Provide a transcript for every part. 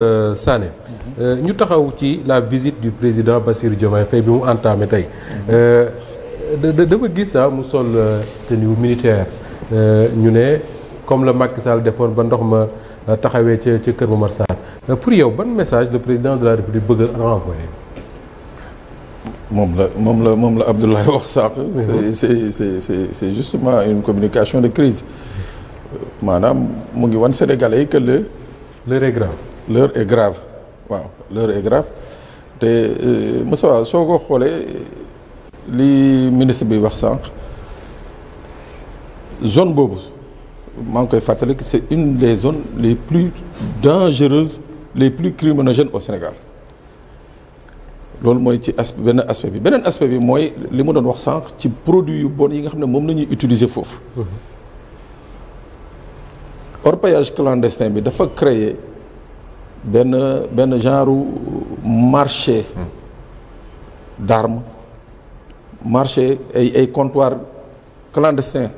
Euh, Sané euh, ñu taxaw ci la visite du président Bassirou Diomaye Faye bi mu entamé tey euh, dama gis ah mu sol tenue militaire ñu ne comme la Macky Sall defoon ba ndox ma taxawee ca ca Kër Momar Sarr pour yow ban message le président de la République bëgg a renvoyer. moom la moom la moom la Abdoulaye wax sànq. c'est c'est c'est justement une communication de crise maanaam mu ngi wan Sénégalais que le. le regret. l'heure est grave waaw leur et grave te euh, Moussa soo ko xoolee li ministre bi wax sànq zone boobu maa ngi koy fàttali que c'est une des zones les plus dangereuses les plus criminogènes au Sénégal loolu mooy ci as benn aspect bi beneen aspect bi mooy li mu doon wax sànq ci produit yu bon yi nga xam ne moom la ñuy utiliser foofu mhm. orpaillage clandestin bi dafa créer benn benn genre marché d'armes marché ay ay comptoir clandestin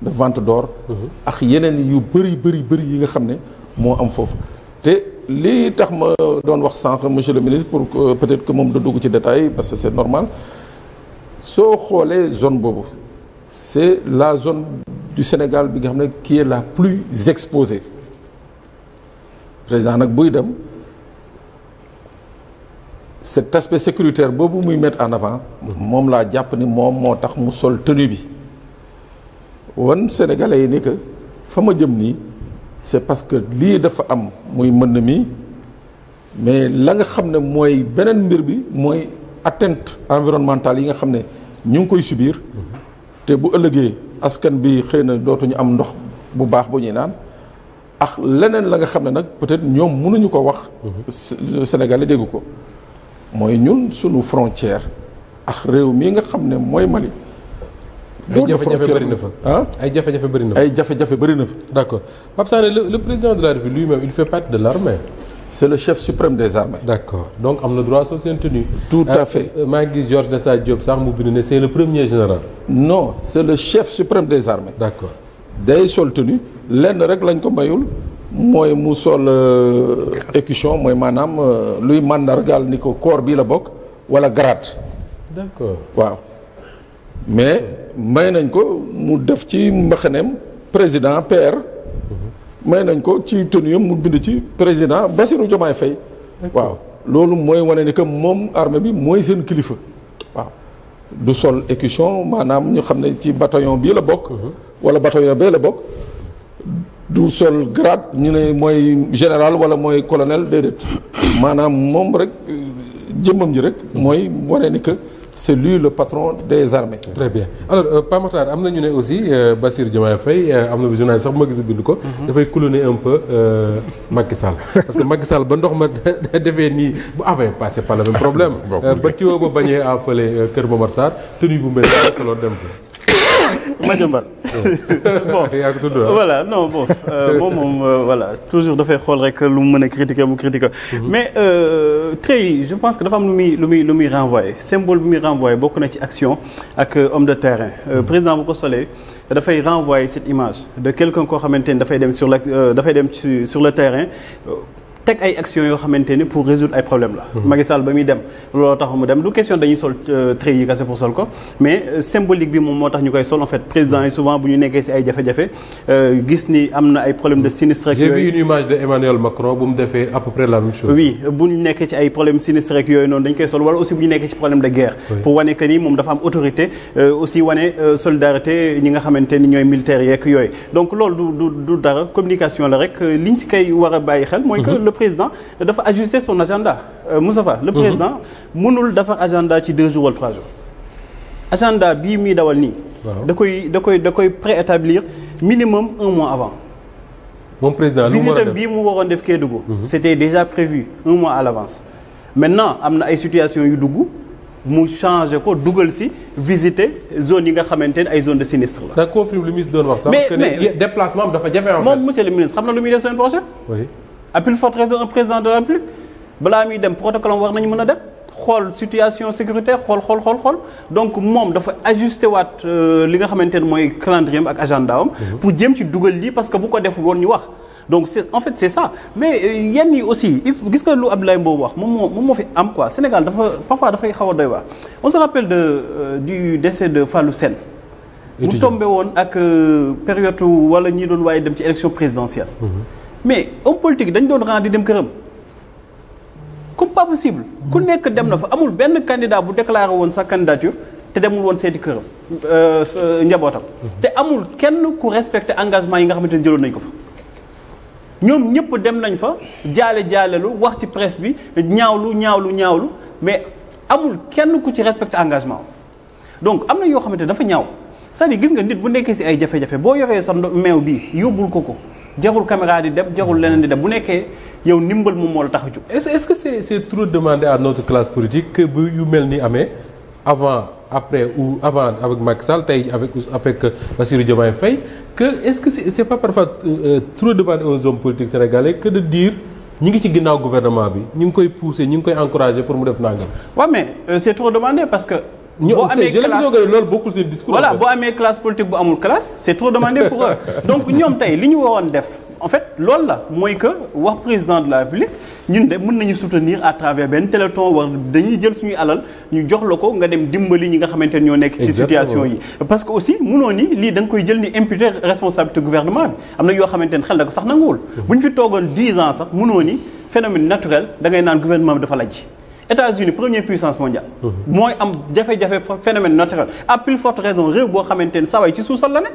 de vente d'or mhm. ak yeneen yu bëri bëri bëri yi nga xam ne moo am foofu te lii tax ma doon wax sànq monsieur le ministre pour que peut-être que moom da dugg ci détail parce que c'est normal soo xoolee zone boobu c'est la zone du Sénégal bi nga xam ne qui est la plus exposée président nag buy dem cet aspect sécuritaire boobu muy mettre en avant moom laa jàpp ni moom moo tax mu sol tenue bi wan sénégalais yi ni que fa ma jëm nii c'est parce que lii dafa am muy mën mi mais la nga xam ne mooy beneen mbir bi mooy atteinte environnementale yi nga xam ne ñu ngi koy subir mm-hmm. te bu ëllëgee askan bi xëy na dootuñu am ndox bu baax bu ñuy naan ak leneen la nga xam ne nag peut-être ñoom mënuñu ko wax sénégalais dégg ko mooy ñun suñu frontière ak réew mii nga xam ne mooy Mali ay jafe-jafe bëri na fa ah? ay jafe-jafe bëri na fa ay jafe-jafe bëri na fa d'accord Pape le président de la République lui-même il fait partie de l'armée c'est le chef suprême des d'accord donc am na droit soo seen tenue tout à fait euh, maa ngi gis Georges Dassa Diop sax mu bind ne c'est le premier général non c'est le chef suprême des armées d'accord day sol tenue lenn rek lañ ko mayul mooy mu sol euh, écusson mooy maanaam euh, luy màndargaal ni ko corps bii la bokk wala grade. waaw. mais may nañ ko mu def ci mbaxaneem président PR. Mhm. may nañ ko ci tenue mu bind ci président Bassirou Diomaye Faye waaw loolu mooy wane ni que moom armée bi mooy seen kilifa. waaw du sol écusson maanaam ñu xam ne ci batayon bii la bokk. Mhm. wala bataillon bee la bokk du sol grade ñu ne mooy général wala mooy colonel déedéet maanaam moom rek jëmmam ji rek mooy wane ni que c'est lui le patron des armées. très bien alors euh, Pape am na ñu ne aussi euh, Bassirou Diomaye euh, am na journaliste sax ma gis bind ko. Mhm. dafay coulonner un peu euh, Macky Sall. parce que Macky Sall ba ndox ma defee nii bu avee ah, passé par le même problème. Euh, ba ci woo ba bañee à fële Kër Momar Sarr tenue bu mel ni dem fa. Madiambal bon voilà non bon moom euh, euh, voilà toujours dafay xool rek lu mu mën a critiquer mu critiquer mhm. mais euh, trait yi je pense que dafa am lu muy lu muy lu muy renvoyé symbole bi muy renvoyé bokk na ci action ak homme de terrain mhm. président bu ko solee dafay renvoyer cette image de quelqu'un koo xamante ni dafay dem sur dafay dem sur le terrain teg ay actions yoo xamante ni pour résoudre ay problème la mhm. Macky Sall ba muy dem looloo tax mu dem du question dañuy sol euh, trait yi pour sol ko mais euh, symbolique bi moom moo tax ñu koy sol en fait président yi souvent bu ñu nekkee euh, ci ay problème sinistre rek yooyu noonu dañ koy sol wala aussi bu ñu nekkee ci problème de guerre pour wane que ni moom dafa am autorité aussi wane solidarité ñi nga xamante ñooy militaires yeeg yooyu donc loolu du du président dafa ajuster son agenda euh, Moustapha le mhm. président mënul dafa agenda ci deux jours wala trois jours agenda bii muy dawal nii da koy da koy da koy préétablir minimum un mois avant moom président visite bii mu waroon def Kédougou mhm. c'était déjà prévu un mois à l'avance maintenant am na ay situation yu dugg mu changé ko dugal si visiter zone yi nga xamante ne ay zone de sinistre la. da confirme lu ministre doon wax sax. mais mais déplacement moom monsieur le ministre à plus forte raison un président de la balaa muy dem protocole am war nañu mën a dem xool situation sécuritaire xool xool xool xool donc moom dafa ajusté waat euh, li nga xamante ne mooy calendrier ak agenda am mhm. pour jëm ci dugal lii parce que bu ko deful woon ñu wax donc c'est en fait c'est ça mais euh, yenn yi aussi gis nga lu Abdoulaye Mbow wax moom moo moom moo fi am quoi Sénégal dafa parfois dafay xaw a doy waar on se rappelle de euh, du décès de Fallou Sène mu tombe woon ak période wala ñi doon waaye dem ci élection présidentielle mhm. mais homme politique dañ doon rang di dem këram comme pas possible ku nekk dem na fa amul benn candidat bu déclaré woon sa candidature te demul woon seeti këram euh, njabootam. te amul kenn ku respecté engagement yi nga xamante ne jëloon nañ ko fa. ñoom ñëpp dem nañ fa jaale jaaleelu wax ci presse bi ñaawlu ñaawlu ñaawlu mais amul kenn ku ci respecté engagement donc am na yoo xamante dafa ñaaw cest gis nga nit bu nekkee si ay jafe-jafe boo yoree sa meew bi yóbbul ko ko. jaxul caméra di dem jaxul leneen di dem bu nekkee yow ndimbal moom moo la tax a jóg. est-ce que c'est trop demandé à notre classe politique que bu yu mel ni amee avant après ou avant avec Macky Sall tey avec avec Bassirou Diomaye Faye que est-ce que c'est, c'est pas parfois euh, trop demandé aux hommes politiques sénégalais que de dire. ñi ngi ci ginnaaw gouvernement bi ñu ngi koy pousser ñu ngi koy encourager pour mu def nangam. waaw mais euh, c'est trop demandé parce ñu c'est je boo amee classe politique bu amul classe c'est trop demandé pour eux donc ñoom tey li ñu waroon def en fait lool la mooy que wax président de la République ñun de mën nañu soutenir à travers benn téléthon war dañuy jël suñu alal ñu jox la ko nga dem dimbali ñi nga xamante ne ñoo nekk. ci situation yi parce que aussi munoo ni lii da nga koy jël ni imputer responsabilité gouvernement bi am na yoo xamante ne xel na ko sax nanguwul. Mm-hmm. bu ñu fi toogoon 10 ans sax munoo ni phénomène naturel da ngay naan gouvernement bi dafa lajj. États-Unis première puissance mondiale. Mm-hmm. mooy am jafe-jafe phénomène naturel à plus forte raison réew boo xamante ne saa ci sous la ne.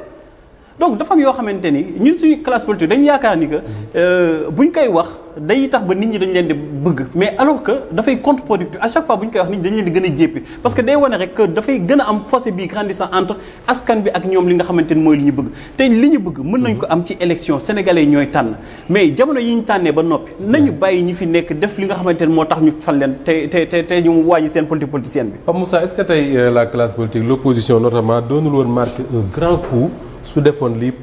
donc dafa am yoo xamante ni ñun suñu classe politique dañu yaakaar ni que euh, buñ koy wax day tax ba nit ñi dañ leen di bëgg mais alors que dafay contre-productif à chaque fois bu ñu koy wax nit ñi leen di gën a jéppi parce que day wane rek que dafay gën a am fossé bi grandissant entre askan bi ak ñoom li nga xamante ni mooy li ñu bëgg te li ñu bëgg mën nañ ko am ci élection sénégalais ñooy tànn mais jamono yi ñu tànnee ba noppi nañu bàyyi ñi fi nekk def li nga xamante ni moo tax ñu fal leen te te te te ñu wàññi seen politique politicienne bi Pape Moussa est-ce que tey euh, la classe politique l'opposition notamment doonul woon marqué grand coup su defoon lii